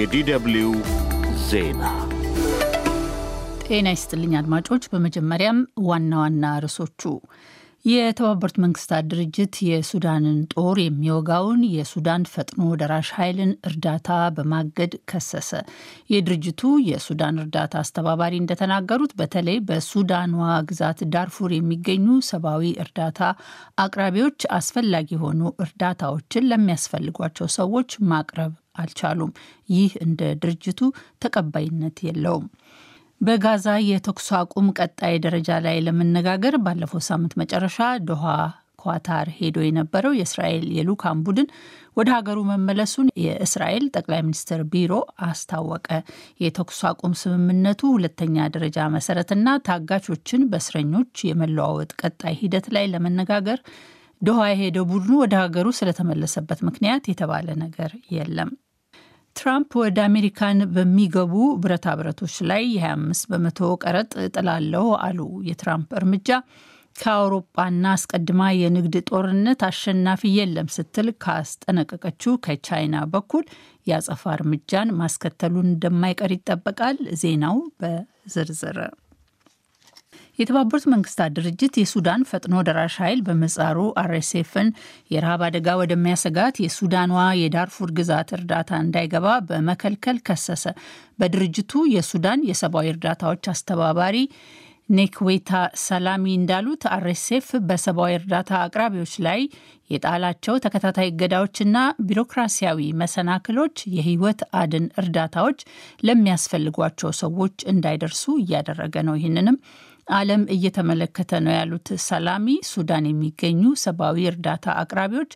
የዲደብልዩ ዜና ጤና ይስጥልኝ አድማጮች። በመጀመሪያም ዋና ዋና ርዕሶቹ የተባበሩት መንግስታት ድርጅት የሱዳንን ጦር የሚወጋውን የሱዳን ፈጥኖ ደራሽ ኃይልን እርዳታ በማገድ ከሰሰ። የድርጅቱ የሱዳን እርዳታ አስተባባሪ እንደተናገሩት በተለይ በሱዳኗ ግዛት ዳርፉር የሚገኙ ሰብአዊ እርዳታ አቅራቢዎች አስፈላጊ የሆኑ እርዳታዎችን ለሚያስፈልጓቸው ሰዎች ማቅረብ አልቻሉም። ይህ እንደ ድርጅቱ ተቀባይነት የለውም። በጋዛ የተኩስ አቁም ቀጣይ ደረጃ ላይ ለመነጋገር ባለፈው ሳምንት መጨረሻ ዶሃ ኳታር ሄዶ የነበረው የእስራኤል የልዑካን ቡድን ወደ ሀገሩ መመለሱን የእስራኤል ጠቅላይ ሚኒስትር ቢሮ አስታወቀ። የተኩስ አቁም ስምምነቱ ሁለተኛ ደረጃ መሰረትና ታጋቾችን በእስረኞች የመለዋወጥ ቀጣይ ሂደት ላይ ለመነጋገር ዶሃ የሄደው ቡድኑ ወደ ሀገሩ ስለተመለሰበት ምክንያት የተባለ ነገር የለም። ትራምፕ ወደ አሜሪካን በሚገቡ ብረታ ብረቶች ላይ የ25 በመቶ ቀረጥ ጥላለው አሉ። የትራምፕ እርምጃ ከአውሮፓና አስቀድማ የንግድ ጦርነት አሸናፊ የለም ስትል ካስጠነቀቀችው ከቻይና በኩል የአጸፋ እርምጃን ማስከተሉ እንደማይቀር ይጠበቃል። ዜናው በዝርዝር የተባበሩት መንግስታት ድርጅት የሱዳን ፈጥኖ ደራሽ ኃይል በምጻሩ አርኤስኤፍን የረሃብ አደጋ ወደሚያሰጋት የሱዳኗ የዳርፉር ግዛት እርዳታ እንዳይገባ በመከልከል ከሰሰ። በድርጅቱ የሱዳን የሰብአዊ እርዳታዎች አስተባባሪ ኔክዌታ ሰላሚ እንዳሉት አርኤስኤፍ በሰብአዊ እርዳታ አቅራቢዎች ላይ የጣላቸው ተከታታይ እገዳዎችና ቢሮክራሲያዊ መሰናክሎች የህይወት አድን እርዳታዎች ለሚያስፈልጓቸው ሰዎች እንዳይደርሱ እያደረገ ነው። ይህንንም ዓለም እየተመለከተ ነው ያሉት ሰላሚ፣ ሱዳን የሚገኙ ሰብአዊ እርዳታ አቅራቢዎች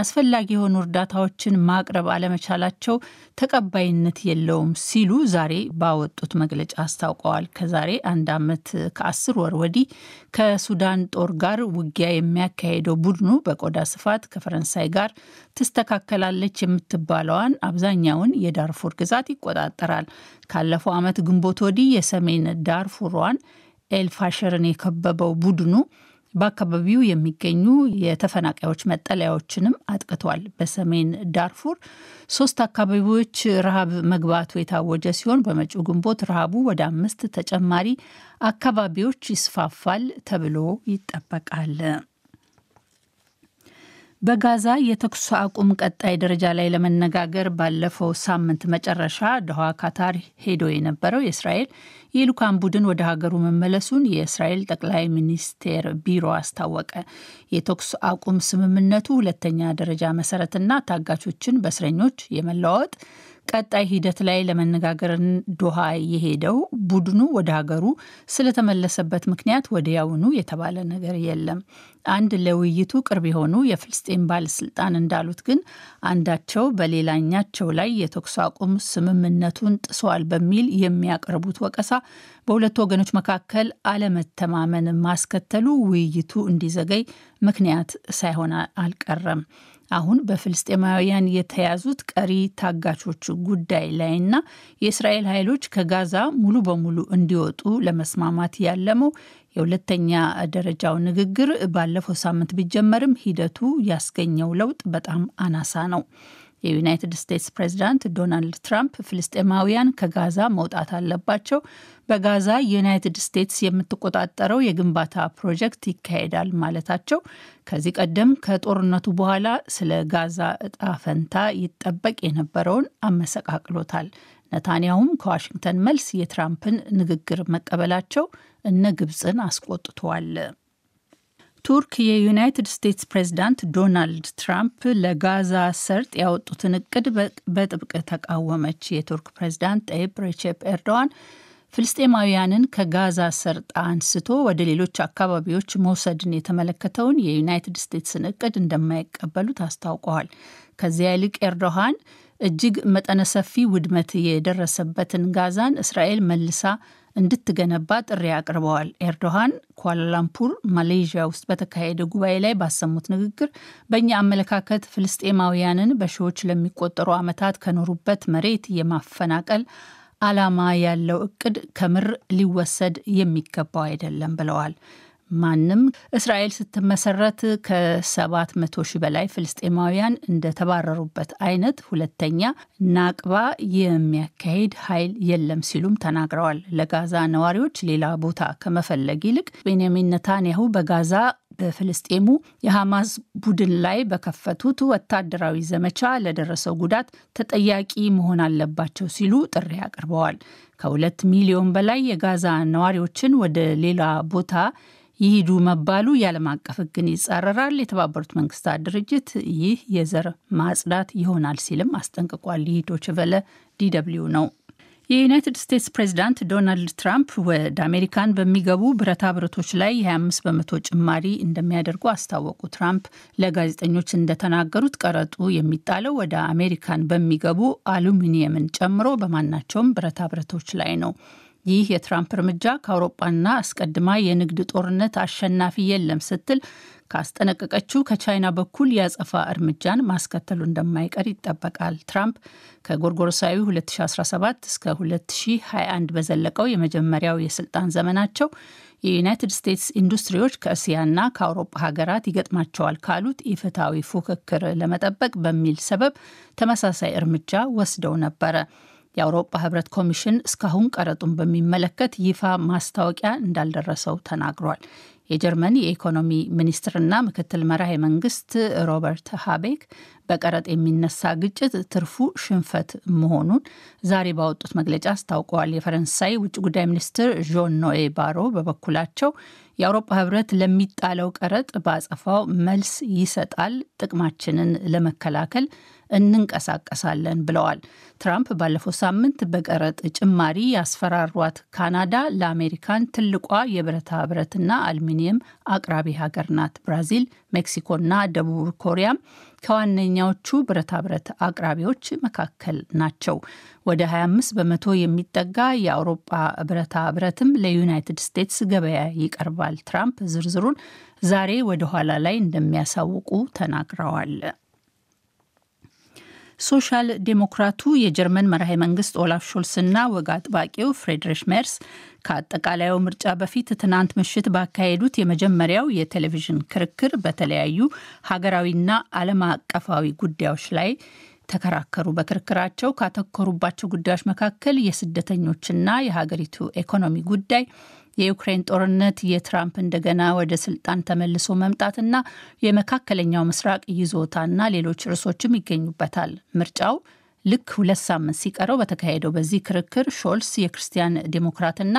አስፈላጊ የሆኑ እርዳታዎችን ማቅረብ አለመቻላቸው ተቀባይነት የለውም ሲሉ ዛሬ ባወጡት መግለጫ አስታውቀዋል። ከዛሬ አንድ ዓመት ከአስር ወር ወዲህ ከሱዳን ጦር ጋር ውጊያ የሚያካሄደው ቡድኑ በቆዳ ስፋት ከፈረንሳይ ጋር ትስተካከላለች የምትባለዋን አብዛኛውን የዳርፉር ግዛት ይቆጣጠራል። ካለፈው ዓመት ግንቦት ወዲህ የሰሜን ዳርፉሯን ኤልፋሸርን የከበበው ቡድኑ በአካባቢው የሚገኙ የተፈናቃዮች መጠለያዎችንም አጥቅቷል። በሰሜን ዳርፉር ሶስት አካባቢዎች ረሃብ መግባቱ የታወጀ ሲሆን በመጪው ግንቦት ረሃቡ ወደ አምስት ተጨማሪ አካባቢዎች ይስፋፋል ተብሎ ይጠበቃል። በጋዛ የተኩስ አቁም ቀጣይ ደረጃ ላይ ለመነጋገር ባለፈው ሳምንት መጨረሻ ደኋ ካታር ሄዶ የነበረው የእስራኤል የልኡካን ቡድን ወደ ሀገሩ መመለሱን የእስራኤል ጠቅላይ ሚኒስቴር ቢሮ አስታወቀ። የተኩስ አቁም ስምምነቱ ሁለተኛ ደረጃ መሰረትና ታጋቾችን በእስረኞች የመለዋወጥ ቀጣይ ሂደት ላይ ለመነጋገር ዶሃ የሄደው ቡድኑ ወደ ሀገሩ ስለተመለሰበት ምክንያት ወዲያውኑ የተባለ ነገር የለም። አንድ ለውይይቱ ቅርብ የሆኑ የፍልስጤን ባለስልጣን እንዳሉት ግን አንዳቸው በሌላኛቸው ላይ የተኩስ አቁም ስምምነቱን ጥሰዋል በሚል የሚያቀርቡት ወቀሳ በሁለቱ ወገኖች መካከል አለመተማመን ማስከተሉ ውይይቱ እንዲዘገይ ምክንያት ሳይሆን አልቀረም። አሁን በፍልስጤማውያን የተያዙት ቀሪ ታጋቾቹ ጉዳይ ላይና የእስራኤል ኃይሎች ከጋዛ ሙሉ በሙሉ እንዲወጡ ለመስማማት ያለመው የሁለተኛ ደረጃው ንግግር ባለፈው ሳምንት ቢጀመርም ሂደቱ ያስገኘው ለውጥ በጣም አናሳ ነው። የዩናይትድ ስቴትስ ፕሬዚዳንት ዶናልድ ትራምፕ ፍልስጤማውያን ከጋዛ መውጣት አለባቸው፣ በጋዛ ዩናይትድ ስቴትስ የምትቆጣጠረው የግንባታ ፕሮጀክት ይካሄዳል ማለታቸው ከዚህ ቀደም ከጦርነቱ በኋላ ስለ ጋዛ እጣ ፈንታ ይጠበቅ የነበረውን አመሰቃቅሎታል። ነታንያሁም ከዋሽንግተን መልስ የትራምፕን ንግግር መቀበላቸው እነ ግብፅን አስቆጥተዋል። ቱርክ የዩናይትድ ስቴትስ ፕሬዝዳንት ዶናልድ ትራምፕ ለጋዛ ሰርጥ ያወጡትን እቅድ በጥብቅ ተቃወመች። የቱርክ ፕሬዝዳንት ጠይብ ሬቼፕ ኤርዶዋን ፍልስጤማውያንን ከጋዛ ሰርጥ አንስቶ ወደ ሌሎች አካባቢዎች መውሰድን የተመለከተውን የዩናይትድ ስቴትስን እቅድ እንደማይቀበሉት አስታውቀዋል። ከዚያ ይልቅ ኤርዶሃን እጅግ መጠነ ሰፊ ውድመት የደረሰበትን ጋዛን እስራኤል መልሳ እንድትገነባ ጥሪ አቅርበዋል። ኤርዶሃን ኳላላምፑር ማሌዥያ ውስጥ በተካሄደ ጉባኤ ላይ ባሰሙት ንግግር በእኛ አመለካከት ፍልስጤማውያንን በሺዎች ለሚቆጠሩ ዓመታት ከኖሩበት መሬት የማፈናቀል ዓላማ ያለው እቅድ ከምር ሊወሰድ የሚገባው አይደለም ብለዋል። ማንም እስራኤል ስትመሰረት ከ700 ሺህ በላይ ፍልስጤማውያን እንደተባረሩበት አይነት ሁለተኛ ናቅባ የሚያካሂድ ኃይል የለም ሲሉም ተናግረዋል። ለጋዛ ነዋሪዎች ሌላ ቦታ ከመፈለግ ይልቅ ቤንያሚን ነታንያሁ በጋዛ በፍልስጤሙ የሐማስ ቡድን ላይ በከፈቱት ወታደራዊ ዘመቻ ለደረሰው ጉዳት ተጠያቂ መሆን አለባቸው ሲሉ ጥሪ አቅርበዋል። ከሁለት ሚሊዮን በላይ የጋዛ ነዋሪዎችን ወደ ሌላ ቦታ ይሂዱ መባሉ የዓለም አቀፍ ሕግን ይጻረራል። የተባበሩት መንግስታት ድርጅት ይህ የዘር ማጽዳት ይሆናል ሲልም አስጠንቅቋል። ይህ ዶችቨለ ዲደብልዩ ነው። የዩናይትድ ስቴትስ ፕሬዚዳንት ዶናልድ ትራምፕ ወደ አሜሪካን በሚገቡ ብረታ ብረቶች ላይ የ25 በመቶ ጭማሪ እንደሚያደርጉ አስታወቁ። ትራምፕ ለጋዜጠኞች እንደተናገሩት ቀረጡ የሚጣለው ወደ አሜሪካን በሚገቡ አሉሚኒየምን ጨምሮ በማናቸውም ብረታ ብረቶች ላይ ነው። ይህ የትራምፕ እርምጃ ከአውሮጳና አስቀድማ የንግድ ጦርነት አሸናፊ የለም ስትል ካስጠነቀቀችው ከቻይና በኩል ያጸፋ እርምጃን ማስከተሉ እንደማይቀር ይጠበቃል። ትራምፕ ከጎርጎሮሳዊ 2017 እስከ 2021 በዘለቀው የመጀመሪያው የስልጣን ዘመናቸው የዩናይትድ ስቴትስ ኢንዱስትሪዎች ከእስያና ከአውሮፓ ሀገራት ይገጥማቸዋል ካሉት ኢፍትሐዊ ፉክክር ለመጠበቅ በሚል ሰበብ ተመሳሳይ እርምጃ ወስደው ነበረ። የአውሮፓ ህብረት ኮሚሽን እስካሁን ቀረጡን በሚመለከት ይፋ ማስታወቂያ እንዳልደረሰው ተናግሯል። የጀርመን የኢኮኖሚ ሚኒስትርና ምክትል መራሄ መንግስት ሮበርት ሃቤክ በቀረጥ የሚነሳ ግጭት ትርፉ ሽንፈት መሆኑን ዛሬ ባወጡት መግለጫ አስታውቀዋል። የፈረንሳይ ውጭ ጉዳይ ሚኒስትር ዦን ኖኤ ባሮ በበኩላቸው የአውሮፓ ህብረት ለሚጣለው ቀረጥ በአጸፋው መልስ ይሰጣል፣ ጥቅማችንን ለመከላከል እንንቀሳቀሳለን ብለዋል። ትራምፕ ባለፈው ሳምንት በቀረጥ ጭማሪ ያስፈራሯት ካናዳ ለአሜሪካን ትልቋ የብረታ ብረትና አልሚኒየም አቅራቢ ሀገር ናት። ብራዚል፣ ሜክሲኮና ደቡብ ኮሪያም ከዋነኛዎቹ ብረታ ብረት አቅራቢዎች መካከል ናቸው። ወደ 25 በመቶ የሚጠጋ የአውሮፓ ብረታ ብረትም ለዩናይትድ ስቴትስ ገበያ ይቀርባል። ትራምፕ ዝርዝሩን ዛሬ ወደ ኋላ ላይ እንደሚያሳውቁ ተናግረዋል። ሶሻል ዴሞክራቱ የጀርመን መራሄ መንግስት ኦላፍ ሾልስና ወግ አጥባቂው ፍሬድሪሽ ሜርስ ከአጠቃላዩ ምርጫ በፊት ትናንት ምሽት ባካሄዱት የመጀመሪያው የቴሌቪዥን ክርክር በተለያዩ ሀገራዊና ዓለም አቀፋዊ ጉዳዮች ላይ ተከራከሩ። በክርክራቸው ካተኮሩባቸው ጉዳዮች መካከል የስደተኞችና የሀገሪቱ ኢኮኖሚ ጉዳይ፣ የዩክሬን ጦርነት፣ የትራምፕ እንደገና ወደ ስልጣን ተመልሶ መምጣትና የመካከለኛው ምስራቅ ይዞታና ሌሎች ርዕሶችም ይገኙበታል። ምርጫው ልክ ሁለት ሳምንት ሲቀረው በተካሄደው በዚህ ክርክር ሾልስ የክርስቲያን ዴሞክራትና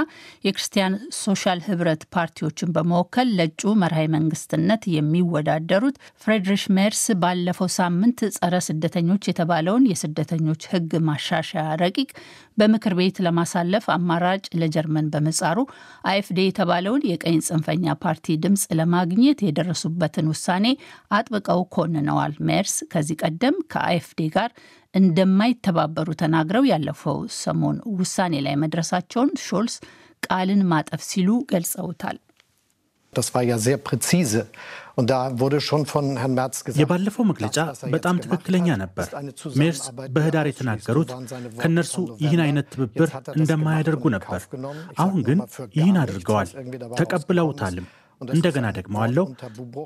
የክርስቲያን ሶሻል ህብረት ፓርቲዎችን በመወከል ለእጩ መርሃዊ መንግስትነት የሚወዳደሩት ፍሬድሪሽ ሜርስ ባለፈው ሳምንት ጸረ ስደተኞች የተባለውን የስደተኞች ህግ ማሻሻያ ረቂቅ በምክር ቤት ለማሳለፍ አማራጭ ለጀርመን በመጻሩ አይኤፍዴ የተባለውን የቀኝ ጽንፈኛ ፓርቲ ድምፅ ለማግኘት የደረሱበትን ውሳኔ አጥብቀው ኮንነዋል። ሜርስ ከዚህ ቀደም ከአይኤፍዴ ጋር እንደማይተባበሩ ተናግረው ያለፈው ሰሞን ውሳኔ ላይ መድረሳቸውን ሾልስ ቃልን ማጠፍ ሲሉ ገልጸውታል። የባለፈው መግለጫ er በጣም ትክክለኛ ነበር። ሜርስ በህዳር የተናገሩት ከእነርሱ ይህን አይነት ትብብር er እንደማያደርጉ er ነበር። አሁን ግን ይህን አድርገዋል፣ ተቀብለውታልም። እንደገና ደግመዋለሁ፣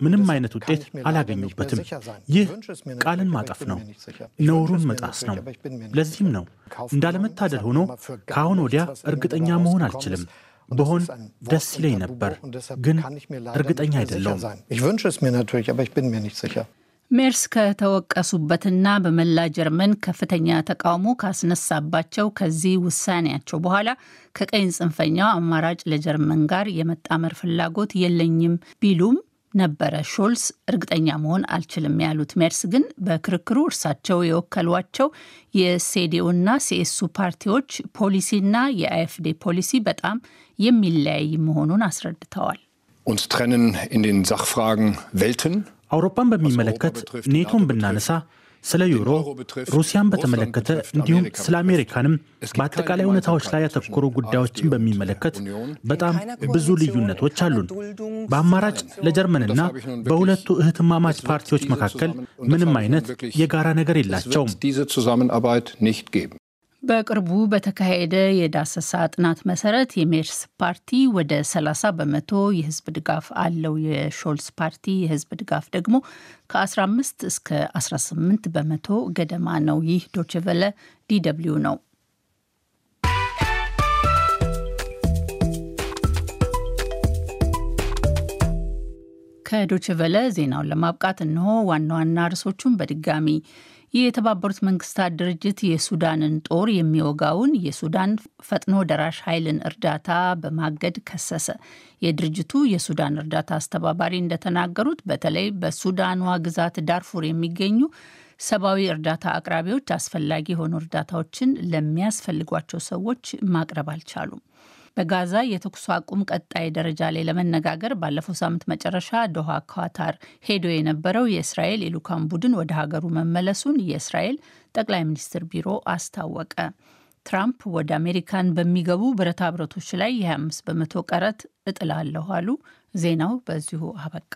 ምንም አይነት ውጤት አላገኙበትም። ይህ ቃልን ማጠፍ ነው፣ ነውሩን መጣስ ነው። ለዚህም ነው እንዳለመታደል ሆኖ ከአሁን ወዲያ እርግጠኛ መሆን አልችልም። በሆን ደስ ይለኝ ነበር፣ ግን እርግጠኛ አይደለውም። ሜርስ ከተወቀሱበትና በመላ ጀርመን ከፍተኛ ተቃውሞ ካስነሳባቸው ከዚህ ውሳኔያቸው በኋላ ከቀኝ ጽንፈኛው አማራጭ ለጀርመን ጋር የመጣመር ፍላጎት የለኝም ቢሉም ነበረ ሾልስ እርግጠኛ መሆን አልችልም ያሉት። ሜርስ ግን በክርክሩ እርሳቸው የወከሏቸው የሴዲኡና ሲኤሱ ፓርቲዎች ፖሊሲና የአኤፍዴ ፖሊሲ በጣም የሚለያይ መሆኑን አስረድተዋል። uns trennen in den Sachfragen Welten. አውሮፓን በሚመለከት ኔቶን ብናነሳ ስለ ዩሮ፣ ሩሲያን በተመለከተ እንዲሁም ስለ አሜሪካንም በአጠቃላይ እውነታዎች ላይ ያተኮሩ ጉዳዮችን በሚመለከት በጣም ብዙ ልዩነቶች አሉን። በአማራጭ ለጀርመንና በሁለቱ እህትማማች ፓርቲዎች መካከል ምንም አይነት የጋራ ነገር የላቸውም። በቅርቡ በተካሄደ የዳሰሳ ጥናት መሰረት የሜርስ ፓርቲ ወደ 30 በመቶ የህዝብ ድጋፍ አለው። የሾልስ ፓርቲ የህዝብ ድጋፍ ደግሞ ከ15 እስከ 18 በመቶ ገደማ ነው። ይህ ዶችቨለ ዲደብሊው ነው። ከዶችቨለ ዜናውን ለማብቃት እንሆ ዋና ዋና ርዕሶቹን በድጋሚ የተባበሩት መንግስታት ድርጅት የሱዳንን ጦር የሚወጋውን የሱዳን ፈጥኖ ደራሽ ኃይልን እርዳታ በማገድ ከሰሰ። የድርጅቱ የሱዳን እርዳታ አስተባባሪ እንደተናገሩት በተለይ በሱዳኗ ግዛት ዳርፉር የሚገኙ ሰብአዊ እርዳታ አቅራቢዎች አስፈላጊ የሆኑ እርዳታዎችን ለሚያስፈልጓቸው ሰዎች ማቅረብ አልቻሉም። በጋዛ የተኩስ አቁም ቀጣይ ደረጃ ላይ ለመነጋገር ባለፈው ሳምንት መጨረሻ ዶሃ ካታር ሄዶ የነበረው የእስራኤል የልዑካን ቡድን ወደ ሀገሩ መመለሱን የእስራኤል ጠቅላይ ሚኒስትር ቢሮ አስታወቀ። ትራምፕ ወደ አሜሪካን በሚገቡ ብረታ ብረቶች ላይ የ25 በመቶ ቀረት እጥላለሁ አሉ። ዜናው በዚሁ አበቃ።